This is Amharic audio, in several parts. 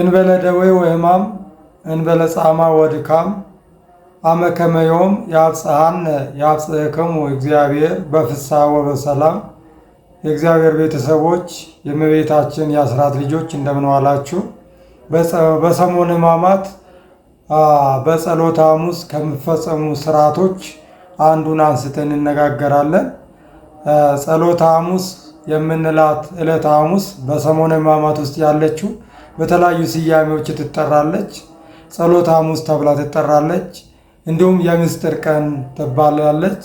እንበለ ደዌ ወሕማም እንበለ ጻማ ወድካም አመ ያብጽሐነ ያብጽሕክሙ እግዚአብሔር በፍስሐ ወበሰላም። የእግዚአብሔር ቤተሰቦች የእመቤታችን የአስራት ልጆች እንደምን ዋላችሁ? በሰሙነ ሕማማት በጸሎተ ሐሙስ ከሚፈጸሙ ስርዓቶች አንዱን አንስተን እንነጋገራለን። ጸሎተ ሐሙስ የምንላት ዕለት ሐሙስ በሰሞነ ሕማማት ውስጥ ያለችው በተለያዩ ስያሜዎች ትጠራለች። ጸሎት ሐሙስ ተብላ ትጠራለች። እንዲሁም የምስጢር ቀን ትባላለች።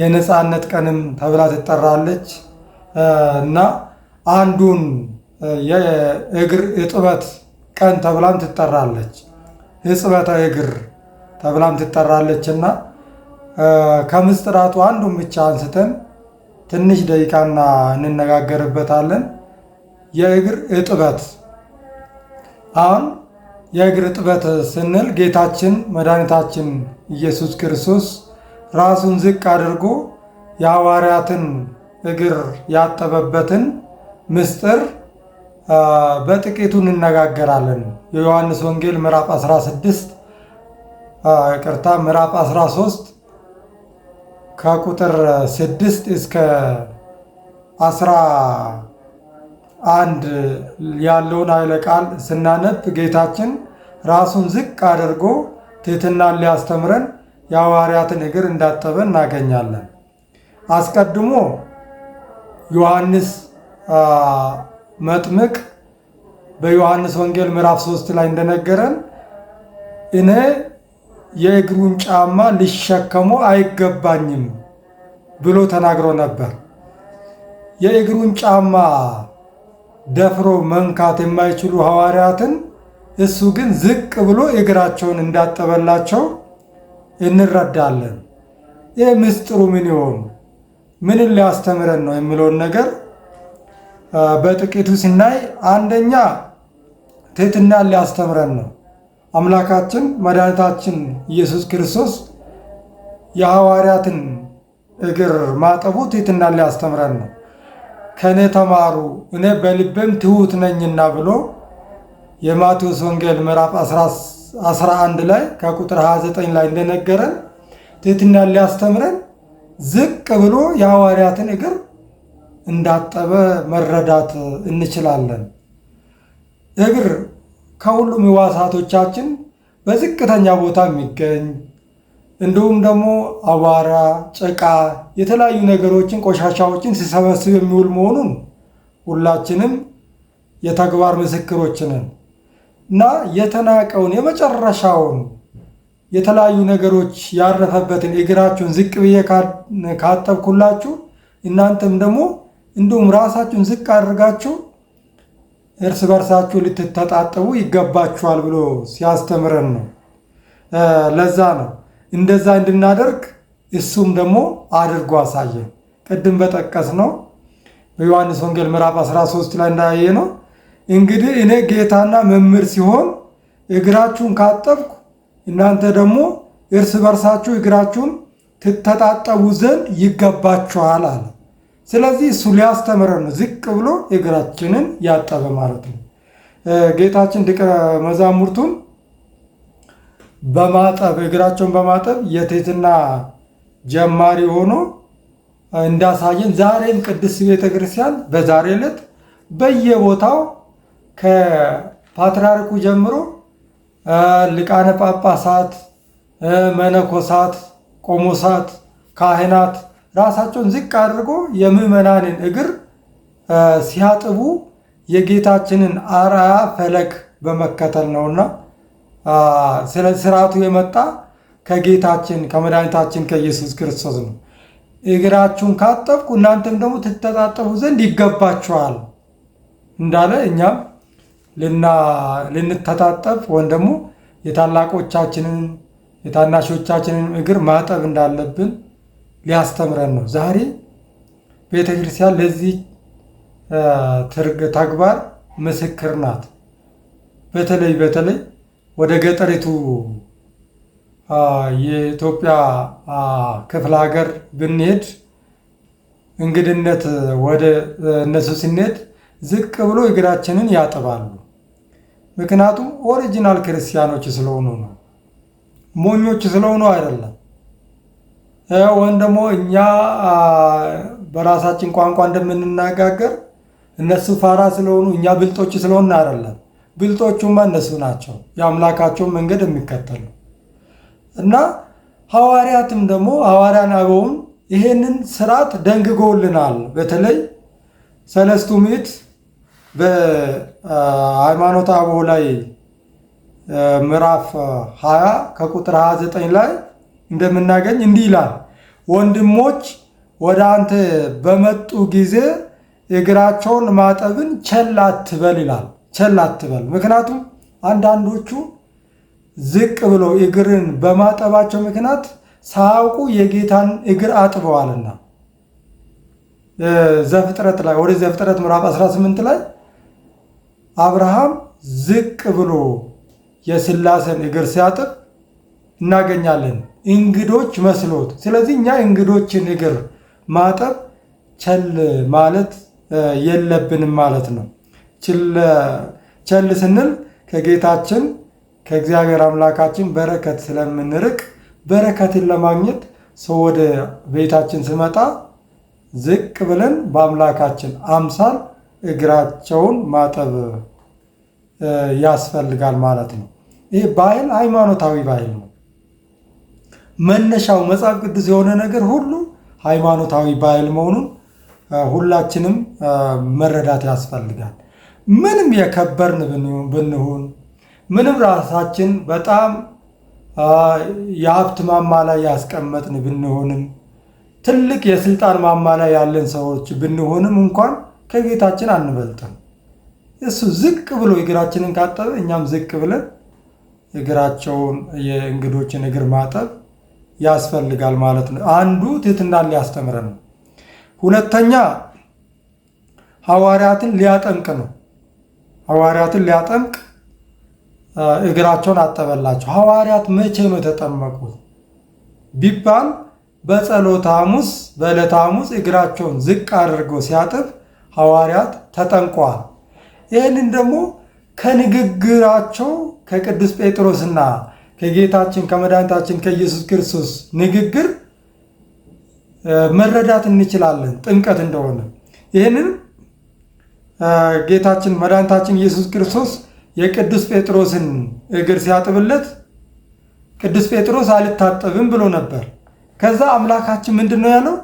የነፃነት ቀንም ተብላ ትጠራለች እና አንዱን የእግር እጥበት ቀን ተብላም ትጠራለች። እጽበተ እግር ተብላም ትጠራለች እና ከምስጢራቱ አንዱን ብቻ አንስተን ትንሽ ደቂቃና እንነጋገርበታለን። የእግር እጥበት አሁን የእግር እጥበት ስንል ጌታችን መድኃኒታችን ኢየሱስ ክርስቶስ ራሱን ዝቅ አድርጎ የሐዋርያትን እግር ያጠበበትን ምስጢር በጥቂቱ እንነጋገራለን። የዮሐንስ ወንጌል ምዕራፍ 16 ቅርታ ምዕራፍ 13 ከቁጥር ስድስት እስከ አስራ አንድ ያለውን ኃይለ ቃል ስናነብ ጌታችን ራሱን ዝቅ አድርጎ ትህትናን ሊያስተምረን የሐዋርያትን እግር እንዳጠበ እናገኛለን። አስቀድሞ ዮሐንስ መጥምቅ በዮሐንስ ወንጌል ምዕራፍ ሶስት ላይ እንደነገረን እኔ የእግሩን ጫማ ሊሸከሙ አይገባኝም ብሎ ተናግሮ ነበር። የእግሩን ጫማ ደፍሮ መንካት የማይችሉ ሐዋርያትን እሱ ግን ዝቅ ብሎ እግራቸውን እንዳጠበላቸው እንረዳለን። ይህ ምስጢሩ ምን ይሆን? ምንን ሊያስተምረን ነው የሚለውን ነገር በጥቂቱ ስናይ፣ አንደኛ ትሕትናን ሊያስተምረን ነው። አምላካችን መድኃኒታችን ኢየሱስ ክርስቶስ የሐዋርያትን እግር ማጠቡ ትሕትናን ሊያስተምረን ነው። ከእኔ ተማሩ እኔ በልቤም ትሑት ነኝና ብሎ የማቴዎስ ወንጌል ምዕራፍ 11 ላይ ከቁጥር 29 ላይ እንደነገረን ትሕትናን ሊያስተምረን ዝቅ ብሎ የሐዋርያትን እግር እንዳጠበ መረዳት እንችላለን። እግር ከሁሉም ህዋሳቶቻችን በዝቅተኛ ቦታ የሚገኝ እንዲሁም ደግሞ አቧራ፣ ጭቃ፣ የተለያዩ ነገሮችን ቆሻሻዎችን ሲሰበስብ የሚውል መሆኑን ሁላችንም የተግባር ምስክሮች ነን እና የተናቀውን የመጨረሻውን የተለያዩ ነገሮች ያረፈበትን እግራችሁን ዝቅ ብዬ ካጠብኩላችሁ እናንተም ደግሞ እንዲሁም ራሳችሁን ዝቅ አድርጋችሁ እርስ በርሳችሁ ልትተጣጠቡ ይገባችኋል ብሎ ሲያስተምረን ነው። ለዛ ነው እንደዛ እንድናደርግ እሱም ደግሞ አድርጎ አሳየን። ቅድም በጠቀስ ነው በዮሐንስ ወንጌል ምዕራፍ 13 ላይ እንዳያየ ነው እንግዲህ እኔ ጌታና መምህር ሲሆን እግራችሁን ካጠብኩ እናንተ ደግሞ እርስ በርሳችሁ እግራችሁን ትተጣጠቡ ዘንድ ይገባችኋል አለ። ስለዚህ እሱ ሊያስተምረን ነው ዝቅ ብሎ እግራችንን ያጠበ ማለት ነው። ጌታችን ደቀ መዛሙርቱን በማጠብ እግራቸውን በማጠብ የትህትና ጀማሪ ሆኖ እንዳሳየን ዛሬም ቅድስት ቤተ ክርስቲያን በዛሬ ዕለት በየቦታው ከፓትርያርኩ ጀምሮ ሊቃነ ጳጳሳት፣ መነኮሳት፣ ቆሞሳት፣ ካህናት ራሳቸውን ዝቅ አድርጎ የምዕመናንን እግር ሲያጥቡ የጌታችንን አርአያ ፈለግ በመከተል ነውና ስለ ስርዓቱ የመጣ ከጌታችን ከመድኃኒታችን ከኢየሱስ ክርስቶስ ነው። እግራችሁን ካጠብኩ እናንተም ደግሞ ትተጣጠፉ ዘንድ ይገባችኋል እንዳለ እኛም ልንተጣጠፍ ወይም ደግሞ የታላቆቻችንን የታናሾቻችንን እግር ማጠብ እንዳለብን ሊያስተምረን ነው። ዛሬ ቤተ ክርስቲያን ለዚህ ተግባር ምስክር ናት። በተለይ በተለይ ወደ ገጠሪቱ የኢትዮጵያ ክፍለ ሀገር ብንሄድ እንግድነት ወደ እነሱ ስንሄድ ዝቅ ብሎ እግራችንን ያጥባሉ። ምክንያቱም ኦሪጂናል ክርስቲያኖች ስለሆኑ ነው፣ ሞኞች ስለሆኑ አይደለም። ወይም ደግሞ እኛ በራሳችን ቋንቋ እንደምንነጋገር እነሱ ፋራ ስለሆኑ እኛ ብልጦች ስለሆን አይደለም። ብልጦቹማ እነሱ ናቸው፣ የአምላካቸውን መንገድ የሚከተሉ እና ሐዋርያትም ደግሞ ሐዋርያን አበውን ይሄንን ስርዓት ደንግጎልናል። በተለይ ሰለስቱ ምዕት በሃይማኖተ አበው ላይ ምዕራፍ 20 ከቁጥር 29 ላይ እንደምናገኝ እንዲህ ይላል፣ ወንድሞች ወደ አንተ በመጡ ጊዜ እግራቸውን ማጠብን ቸል አትበል ይላል። ቸል አትበል። ምክንያቱም አንዳንዶቹ ዝቅ ብሎ እግርን በማጠባቸው ምክንያት ሳያውቁ የጌታን እግር አጥበዋልና ዘፍጥረት ላይ ወደ ዘፍጥረት ምዕራፍ 18 ላይ አብርሃም ዝቅ ብሎ የስላሰን እግር ሲያጥብ እናገኛለን። እንግዶች መስሎት። ስለዚህ እኛ እንግዶችን እግር ማጠብ ቸል ማለት የለብንም ማለት ነው። ቸል ስንል ከጌታችን ከእግዚአብሔር አምላካችን በረከት ስለምንርቅ በረከትን ለማግኘት ሰው ወደ ቤታችን ስመጣ ዝቅ ብለን በአምላካችን አምሳል እግራቸውን ማጠብ ያስፈልጋል ማለት ነው። ይህ ባህል ሃይማኖታዊ ባህል ነው። መነሻው መጽሐፍ ቅዱስ የሆነ ነገር ሁሉ ሃይማኖታዊ ባህል መሆኑን ሁላችንም መረዳት ያስፈልጋል። ምንም የከበርን ብንሆን ምንም ራሳችን በጣም የሀብት ማማ ላይ ያስቀመጥን ብንሆንም ትልቅ የስልጣን ማማ ላይ ያለን ሰዎች ብንሆንም እንኳን ከጌታችን አንበልጥም። እሱ ዝቅ ብሎ እግራችንን ካጠበ እኛም ዝቅ ብለን እግራቸውን የእንግዶችን እግር ማጠብ ያስፈልጋል ማለት ነው። አንዱ ትህትናን ሊያስተምረን ነው። ሁለተኛ ሐዋርያትን ሊያጠምቅ ነው። ሐዋርያትን ሊያጠምቅ እግራቸውን አጠበላቸው። ሐዋርያት መቼ ነው የተጠመቁት ቢባል በጸሎተ ሐሙስ በዕለተ ሐሙስ እግራቸውን ዝቅ አድርጎ ሲያጥብ ሐዋርያት ተጠምቀዋል። ይህንን ደግሞ ከንግግራቸው ከቅዱስ ጴጥሮስና ከጌታችን ከመድኃኒታችን ከኢየሱስ ክርስቶስ ንግግር መረዳት እንችላለን ጥምቀት እንደሆነ። ይህንን ጌታችን መድኃኒታችን ኢየሱስ ክርስቶስ የቅዱስ ጴጥሮስን እግር ሲያጥብለት ቅዱስ ጴጥሮስ አልታጠብም ብሎ ነበር። ከዛ አምላካችን ምንድን ነው ያለው?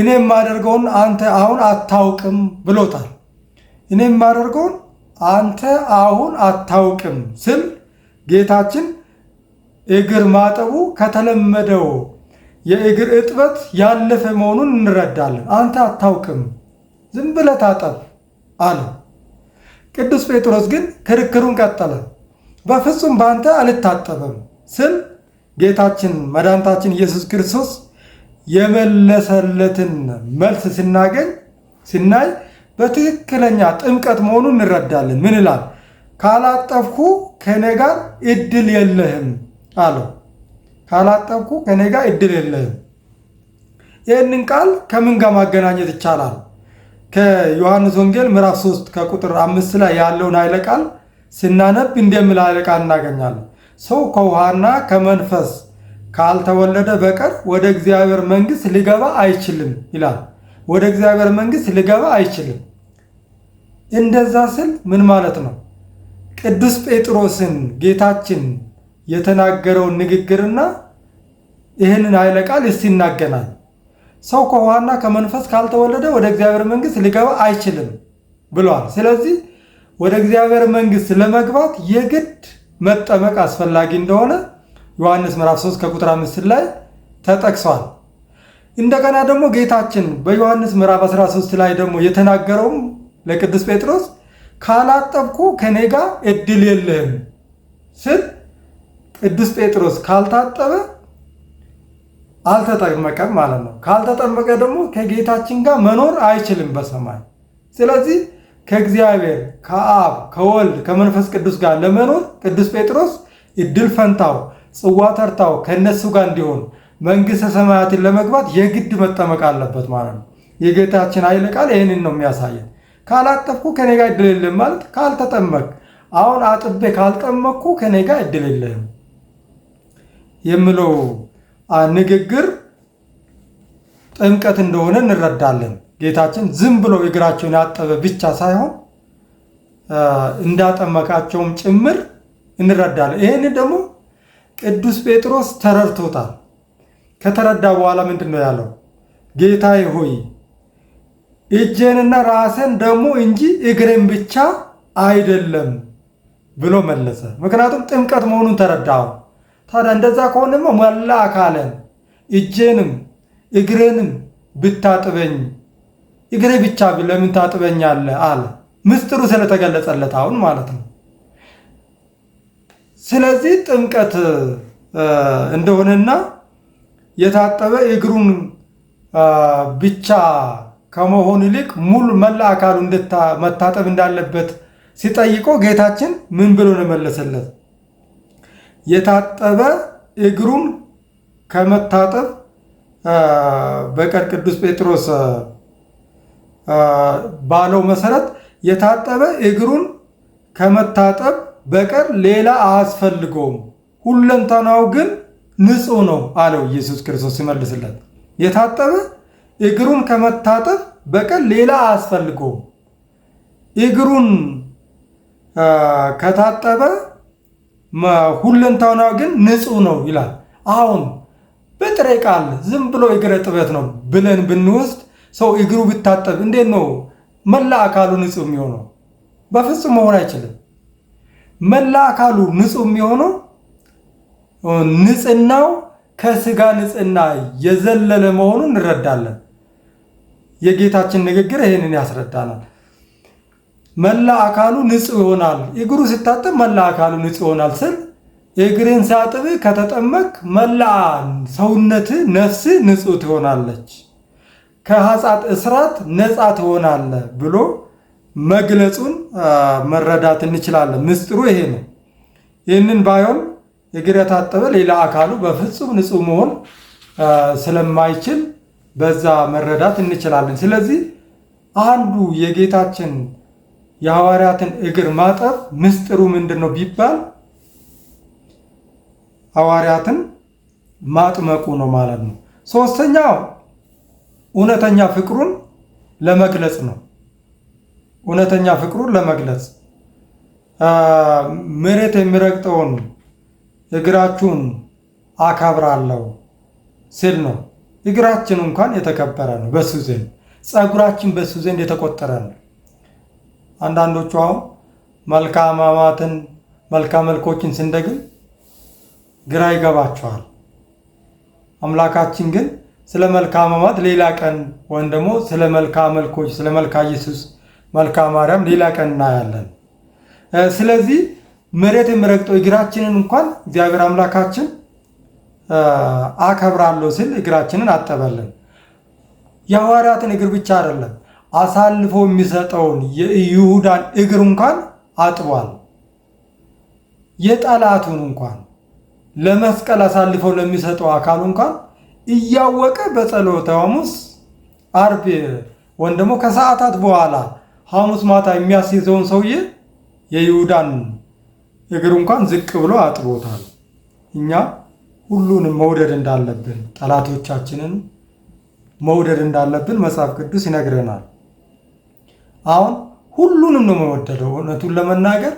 እኔ የማደርገውን አንተ አሁን አታውቅም ብሎታል። እኔ የማደርገውን አንተ አሁን አታውቅም ስል ጌታችን እግር ማጠቡ ከተለመደው የእግር እጥበት ያለፈ መሆኑን እንረዳለን። አንተ አታውቅም፣ ዝም ብለህ ታጠብ አለ። ቅዱስ ጴጥሮስ ግን ክርክሩን ቀጠለ። በፍጹም በአንተ አልታጠበም ስል ጌታችን መድኃኒታችን ኢየሱስ ክርስቶስ የመለሰለትን መልስ ስናገኝ ስናይ በትክክለኛ ጥምቀት መሆኑን እንረዳለን። ምን ይላል? ካላጠብኩ ከእኔ ጋር እድል የለህም አለው። ካላጠብኩ ከኔ ጋር እድል የለህም። ይህንን ቃል ከምን ጋር ማገናኘት ይቻላል? ከዮሐንስ ወንጌል ምዕራፍ 3 ከቁጥር አምስት ላይ ያለውን ኃይለ ቃል ስናነብ እንደሚል ኃይለ ቃል እናገኛለን። ሰው ከውሃና ከመንፈስ ካልተወለደ በቀር ወደ እግዚአብሔር መንግሥት ሊገባ አይችልም ይላል። ወደ እግዚአብሔር መንግሥት ሊገባ አይችልም። እንደዛ ስል ምን ማለት ነው? ቅዱስ ጴጥሮስን ጌታችን የተናገረውን ንግግርና ይህንን ኃይለ ቃል እስቲ ይናገናል። ሰው ከውሃና ከመንፈስ ካልተወለደ ወደ እግዚአብሔር መንግስት ሊገባ አይችልም ብሏል። ስለዚህ ወደ እግዚአብሔር መንግስት ለመግባት የግድ መጠመቅ አስፈላጊ እንደሆነ ዮሐንስ ምዕራፍ 3 ከቁጥር 5 ላይ ተጠቅሷል። እንደገና ደግሞ ጌታችን በዮሐንስ ምዕራፍ 13 ላይ ደግሞ የተናገረውም ለቅዱስ ጴጥሮስ ካላጠብኩ ከኔ ጋር ዕድል የለህም ስል ቅዱስ ጴጥሮስ ካልታጠበ አልተጠመቀም ማለት ነው። ካልተጠመቀ ደግሞ ከጌታችን ጋር መኖር አይችልም በሰማይ። ስለዚህ ከእግዚአብሔር ከአብ ከወልድ ከመንፈስ ቅዱስ ጋር ለመኖር ቅዱስ ጴጥሮስ እድል ፈንታው ጽዋ ተርታው ከእነሱ ጋር እንዲሆን መንግሥተ ሰማያትን ለመግባት የግድ መጠመቅ አለበት ማለት ነው። የጌታችን ኃይለ ቃል ይህንን ነው የሚያሳየን። ካላጠብኩ ከኔ ጋር እድል የለም ማለት ካልተጠመቅ፣ አሁን አጥቤ ካልጠመቅኩ ከኔ ጋር እድል የለህም። የምለው ንግግር ጥምቀት እንደሆነ እንረዳለን። ጌታችን ዝም ብሎ እግራቸውን ያጠበ ብቻ ሳይሆን እንዳጠመቃቸውም ጭምር እንረዳለን። ይህንን ደግሞ ቅዱስ ጴጥሮስ ተረድቶታል። ከተረዳ በኋላ ምንድን ነው ያለው? ጌታዬ ሆይ እጄንና ራሴን ደግሞ እንጂ እግሬን ብቻ አይደለም ብሎ መለሰ። ምክንያቱም ጥምቀት መሆኑን ተረዳው። ታዲያ እንደዛ ከሆነማ መላ አካለን እጄንም እግሬንም ብታጥበኝ እግሬ ብቻ ለምን ታጥበኛለህ? አለ። ምስጢሩ ስለተገለጸለት አሁን ማለት ነው። ስለዚህ ጥምቀት እንደሆነና የታጠበ እግሩን ብቻ ከመሆን ይልቅ ሙሉ መላ አካሉ መታጠብ እንዳለበት ሲጠይቀው ጌታችን ምን ብሎ ነው መለሰለት? የታጠበ እግሩን ከመታጠብ በቀር ቅዱስ ጴጥሮስ ባለው መሰረት የታጠበ እግሩን ከመታጠብ በቀር ሌላ አያስፈልገውም፣ ሁለንተናው ግን ንጹህ ነው አለው ኢየሱስ ክርስቶስ ሲመልስለት። የታጠበ እግሩን ከመታጠብ በቀር ሌላ አያስፈልገውም። እግሩን ከታጠበ ሁለንታውና ግን ንጹህ ነው ይላል። አሁን በጥሬ ቃል ዝም ብሎ እግረ ጥበት ነው ብለን ብንወስድ ሰው እግሩ ብታጠብ እንዴት ነው መላ አካሉ ንጹህ የሚሆነው? በፍጹም መሆን አይችልም። መላ አካሉ ንጹህ የሚሆነው ንጽህናው ከስጋ ንጽህና የዘለለ መሆኑን እንረዳለን። የጌታችን ንግግር ይህንን ያስረዳናል። መላ አካሉ ንጹህ ይሆናል። እግሩ ሲታጠብ መላ አካሉ ንጹህ ይሆናል ስል እግርን ሳጥብ ከተጠመቅ መላ ሰውነት ነፍስ ንጹህ ትሆናለች፣ ከኃጢአት እስራት ነፃ ትሆናለ ብሎ መግለጹን መረዳት እንችላለን። ምስጢሩ ይሄ ነው። ይህንን ባይሆን እግር የታጠበ ሌላ አካሉ በፍጹም ንጹህ መሆን ስለማይችል በዛ መረዳት እንችላለን። ስለዚህ አንዱ የጌታችን የሐዋርያትን እግር ማጠብ ምስጢሩ ምንድን ነው ቢባል ሐዋርያትን ማጥመቁ ነው ማለት ነው። ሶስተኛው እውነተኛ ፍቅሩን ለመግለጽ ነው። እውነተኛ ፍቅሩን ለመግለጽ መሬት የሚረግጠውን እግራችሁን አከብራለሁ ሲል ነው። እግራችን እንኳን የተከበረ ነው በሱ ዘንድ፣ ጸጉራችን በሱ ዘንድ የተቆጠረ ነው። አንዳንዶቹ አሁን መልካም መልኮችን ስንደግም ግራ ይገባቸዋል። አምላካችን ግን ስለ መልክዓ ሌላ ቀን ወይም ደግሞ ስለ መልካም መልኮች፣ ስለ መልካ ኢየሱስ፣ መልካ ማርያም ሌላ ቀን እናያለን። ስለዚህ መሬት የሚረግጠው እግራችንን እንኳን እግዚአብሔር አምላካችን አከብራለሁ ሲል እግራችንን አጠበልን። የሐዋርያትን እግር ብቻ አይደለም አሳልፎ የሚሰጠውን የይሁዳን እግር እንኳን አጥቧል። የጠላቱን እንኳን ለመስቀል አሳልፎ ለሚሰጠው አካሉ እንኳን እያወቀ በጸሎተ ሐሙስ አርብ ወይም ደግሞ ከሰዓታት በኋላ ሐሙስ ማታ የሚያስይዘውን ሰውዬ የይሁዳን እግር እንኳን ዝቅ ብሎ አጥቦታል። እኛ ሁሉንም መውደድ እንዳለብን ጠላቶቻችንን መውደድ እንዳለብን መጽሐፍ ቅዱስ ይነግረናል። አሁን ሁሉንም ነው የምወደደው። እውነቱን ለመናገር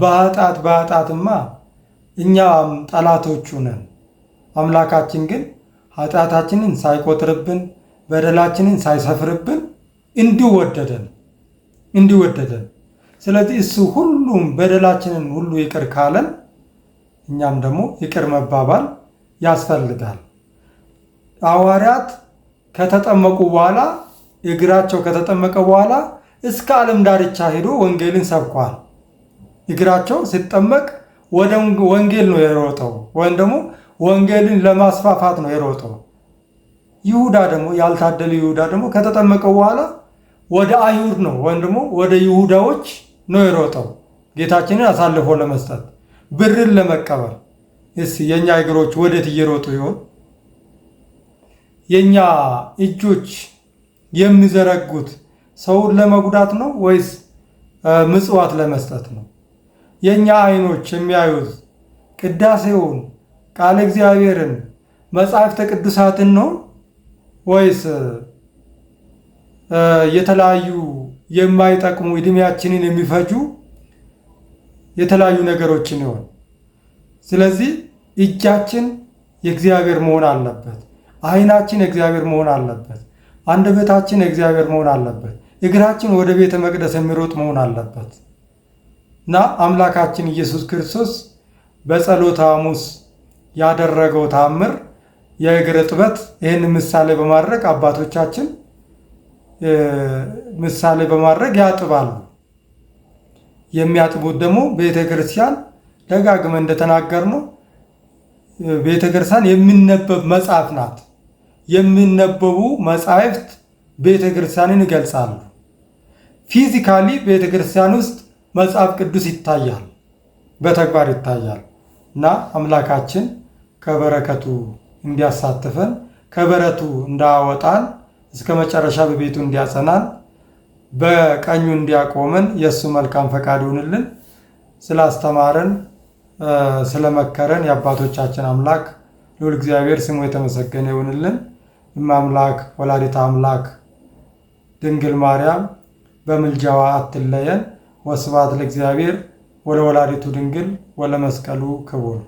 በኃጢአት በኃጢአትማ እኛም ጠላቶቹ ነን። አምላካችን ግን ኃጢአታችንን ሳይቆጥርብን በደላችንን ሳይሰፍርብን እንዲሁ ወደደን እንዲሁ ወደደን። ስለዚህ እሱ ሁሉም በደላችንን ሁሉ ይቅር ካለን እኛም ደግሞ ይቅር መባባል ያስፈልጋል። ሐዋርያት ከተጠመቁ በኋላ እግራቸው ከተጠመቀ በኋላ እስከ ዓለም ዳርቻ ሄዶ ወንጌልን ሰብኳል። እግራቸው ሲጠመቅ ወደ ወንጌል ነው የሮጠው፣ ወይም ደግሞ ወንጌልን ለማስፋፋት ነው የሮጠው። ይሁዳ ደግሞ ያልታደለ ይሁዳ ደግሞ ከተጠመቀ በኋላ ወደ አይሁድ ነው ወይም ደግሞ ወደ ይሁዳዎች ነው የሮጠው፣ ጌታችንን አሳልፎ ለመስጠት ብርን ለመቀበል። እስ የእኛ እግሮች ወዴት እየሮጡ ይሆን? የእኛ እጆች የሚዘረጉት ሰውን ለመጉዳት ነው ወይስ ምጽዋት ለመስጠት ነው? የእኛ አይኖች የሚያዩት ቅዳሴውን፣ ቃለ እግዚአብሔርን፣ መጽሐፍተ ቅዱሳትን ነው ወይስ የተለያዩ የማይጠቅሙ እድሜያችንን የሚፈጁ የተለያዩ ነገሮችን ይሆን? ስለዚህ እጃችን የእግዚአብሔር መሆን አለበት። አይናችን የእግዚአብሔር መሆን አለበት። አንደበታችን እግዚአብሔር መሆን አለበት። እግራችን ወደ ቤተ መቅደስ የሚሮጥ መሆን አለበት እና አምላካችን ኢየሱስ ክርስቶስ በጸሎተ ሐሙስ ያደረገው ታምር የእግር እጥበት ይህን ምሳሌ በማድረግ አባቶቻችን ምሳሌ በማድረግ ያጥባሉ። የሚያጥቡት ደግሞ ቤተ ክርስቲያን ደጋግመ እንደተናገር ነው ቤተ ክርስቲያን የሚነበብ መጽሐፍ ናት። የሚነበቡ መጻሕፍት ቤተ ክርስቲያንን ይገልጻሉ። ፊዚካሊ ቤተ ክርስቲያን ውስጥ መጽሐፍ ቅዱስ ይታያል፣ በተግባር ይታያል። እና አምላካችን ከበረከቱ እንዲያሳትፈን ከበረቱ እንዳወጣን እስከ መጨረሻ በቤቱ እንዲያጸናን በቀኙ እንዲያቆመን የእሱ መልካም ፈቃድ ይሁንልን። ስላስተማረን ስለመከረን የአባቶቻችን አምላክ ልዑል እግዚአብሔር ስሙ የተመሰገነ ይሁንልን። እማምላክ ወላዲት አምላክ ድንግል ማርያም በምልጃዋ አትለየን። ወስብሐት ለእግዚአብሔር ወለወላዲቱ ድንግል ወለመስቀሉ ክቡር